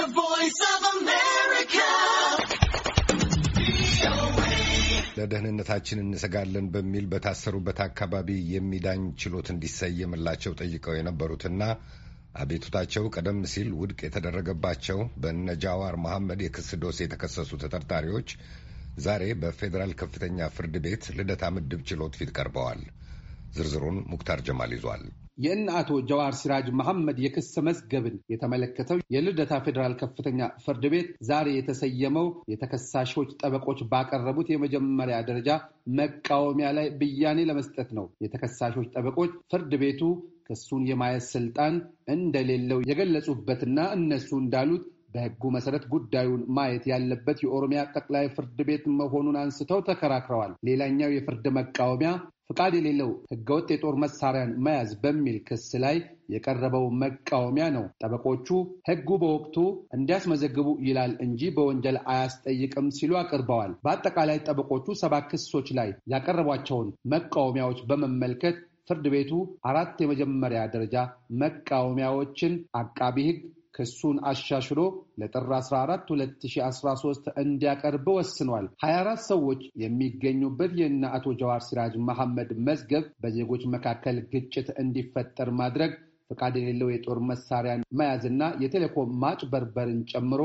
The Voice of America. ለደህንነታችን እንሰጋለን በሚል በታሰሩበት አካባቢ የሚዳኝ ችሎት እንዲሰየምላቸው ጠይቀው የነበሩትና አቤቱታቸው ቀደም ሲል ውድቅ የተደረገባቸው በነ ጃዋር መሐመድ የክስ ዶሴ የተከሰሱ ተጠርጣሪዎች ዛሬ በፌዴራል ከፍተኛ ፍርድ ቤት ልደታ ምድብ ችሎት ፊት ቀርበዋል። ዝርዝሩን ሙክታር ጀማል ይዟል። የእነ አቶ ጀዋር ሲራጅ መሐመድ የክስ መዝገብን የተመለከተው የልደታ ፌዴራል ከፍተኛ ፍርድ ቤት ዛሬ የተሰየመው የተከሳሾች ጠበቆች ባቀረቡት የመጀመሪያ ደረጃ መቃወሚያ ላይ ብያኔ ለመስጠት ነው። የተከሳሾች ጠበቆች ፍርድ ቤቱ ክሱን የማየት ስልጣን እንደሌለው የገለጹበትና እነሱ እንዳሉት በሕጉ መሰረት ጉዳዩን ማየት ያለበት የኦሮሚያ ጠቅላይ ፍርድ ቤት መሆኑን አንስተው ተከራክረዋል። ሌላኛው የፍርድ መቃወሚያ ፍቃድ የሌለው ህገወጥ የጦር መሳሪያን መያዝ በሚል ክስ ላይ የቀረበው መቃወሚያ ነው። ጠበቆቹ ህጉ በወቅቱ እንዲያስመዘግቡ ይላል እንጂ በወንጀል አያስጠይቅም ሲሉ አቅርበዋል። በአጠቃላይ ጠበቆቹ ሰባ ክሶች ላይ ያቀረቧቸውን መቃወሚያዎች በመመልከት ፍርድ ቤቱ አራት የመጀመሪያ ደረጃ መቃወሚያዎችን አቃቢ ህግ ክሱን አሻሽሎ ለጥር 14 2013 እንዲያቀርብ ወስኗል። 24 ሰዎች የሚገኙበት የእነ አቶ ጀዋር ሲራጅ መሐመድ መዝገብ በዜጎች መካከል ግጭት እንዲፈጠር ማድረግ፣ ፈቃድ የሌለው የጦር መሳሪያን መያዝና የቴሌኮም ማጭበርበርን ጨምሮ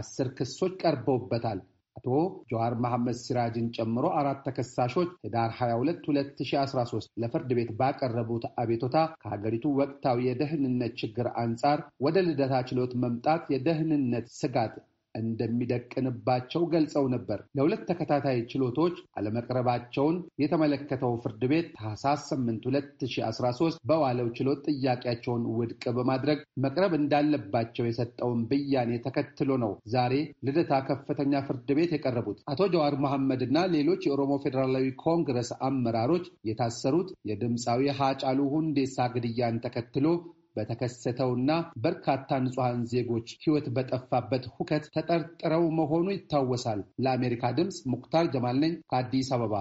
አስር ክሶች ቀርበውበታል። አቶ ጀዋር መሐመድ ሲራጅን ጨምሮ አራት ተከሳሾች ህዳር 22 2013 ለፍርድ ቤት ባቀረቡት አቤቶታ ከሀገሪቱ ወቅታዊ የደህንነት ችግር አንጻር ወደ ልደታ ችሎት መምጣት የደህንነት ስጋት እንደሚደቅንባቸው ገልጸው ነበር። ለሁለት ተከታታይ ችሎቶች አለመቅረባቸውን የተመለከተው ፍርድ ቤት ታህሳስ 8 2013 በዋለው ችሎት ጥያቄያቸውን ውድቅ በማድረግ መቅረብ እንዳለባቸው የሰጠውን ብያኔ ተከትሎ ነው ዛሬ ልደታ ከፍተኛ ፍርድ ቤት የቀረቡት። አቶ ጀዋር መሐመድ እና ሌሎች የኦሮሞ ፌዴራላዊ ኮንግረስ አመራሮች የታሰሩት የድምፃዊ ሀጫሉ ሁንዴሳ ግድያን ተከትሎ በተከሰተውና በርካታ ንጹሐን ዜጎች ሕይወት በጠፋበት ሁከት ተጠርጥረው መሆኑ ይታወሳል። ለአሜሪካ ድምፅ ሙክታር ጀማል ነኝ ከአዲስ አበባ።